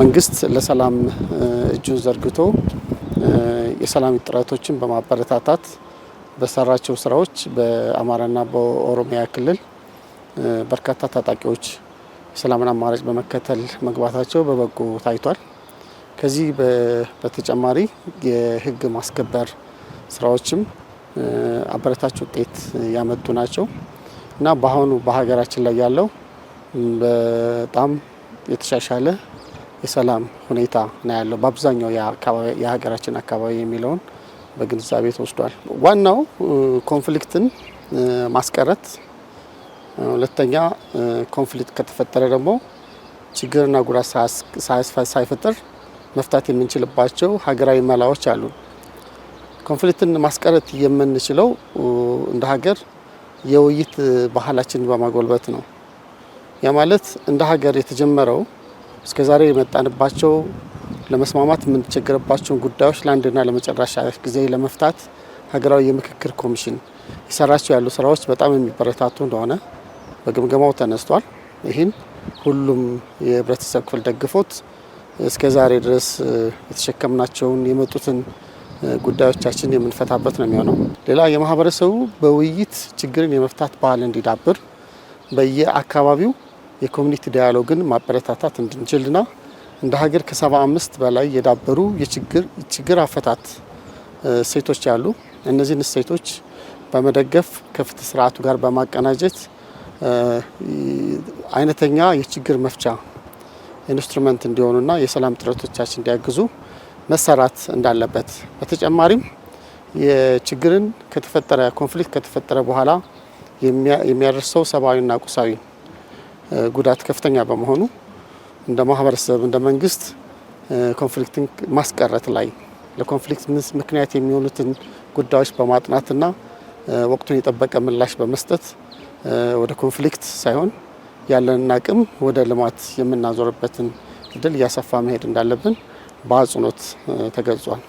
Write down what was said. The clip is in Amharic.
መንግስት ለሰላም እጁን ዘርግቶ የሰላም ጥረቶችን በማበረታታት በሰራቸው ስራዎች በአማራና በኦሮሚያ ክልል በርካታ ታጣቂዎች የሰላምን አማራጭ በመከተል መግባታቸው በበጎ ታይቷል። ከዚህ በተጨማሪ የህግ ማስከበር ስራዎችም አበረታች ውጤት ያመጡ ናቸው እና በአሁኑ በሀገራችን ላይ ያለው በጣም የተሻሻለ የሰላም ሁኔታ ነው ያለው በአብዛኛው የሀገራችን አካባቢ የሚለውን በግንዛቤ ተወስዷል። ዋናው ኮንፍሊክትን ማስቀረት፣ ሁለተኛ ኮንፍሊክት ከተፈጠረ ደግሞ ችግርና ጉዳት ሳይፈጥር መፍታት የምንችልባቸው ሀገራዊ መላዎች አሉ። ኮንፍሊክትን ማስቀረት የምንችለው እንደ ሀገር የውይይት ባህላችንን በማጎልበት ነው። ያ ማለት እንደ ሀገር የተጀመረው እስከዛሬ የመጣንባቸው ለመስማማት የምንቸገርባቸውን ጉዳዮች ለአንድና ለመጨረሻ ጊዜ ለመፍታት ሀገራዊ የምክክር ኮሚሽን የሰራቸው ያሉ ስራዎች በጣም የሚበረታቱ እንደሆነ በግምገማው ተነስቷል። ይህን ሁሉም የህብረተሰብ ክፍል ደግፎት እስከ ዛሬ ድረስ የተሸከምናቸውን የመጡትን ጉዳዮቻችን የምንፈታበት ነው የሚሆነው። ሌላ የማህበረሰቡ በውይይት ችግርን የመፍታት ባህል እንዲዳብር በየአካባቢው የኮሚኒቲ ዳያሎግን ማበረታታት እንድንችልና እንደ ሀገር ከ75 በላይ የዳበሩ የችግር አፈታት እሴቶች አሉ። እነዚህን እሴቶች በመደገፍ ከፍትህ ስርዓቱ ጋር በማቀናጀት አይነተኛ የችግር መፍቻ ኢንስትሩመንት እንዲሆኑና የሰላም ጥረቶቻችን እንዲያግዙ መሰራት እንዳለበት በተጨማሪም የችግርን ከተፈጠረ ኮንፍሊክት ከተፈጠረ በኋላ የሚያደርሰው ሰብአዊና ቁሳዊ ጉዳት ከፍተኛ በመሆኑ እንደ ማህበረሰብ እንደ መንግስት ኮንፍሊክትን ማስቀረት ላይ ለኮንፍሊክት ምክንያት የሚሆኑትን ጉዳዮች በማጥናትና ወቅቱን የጠበቀ ምላሽ በመስጠት ወደ ኮንፍሊክት ሳይሆን ያለንን አቅም ወደ ልማት የምናዞርበትን እድል እያሰፋ መሄድ እንዳለብን በአጽንኦት ተገልጿል።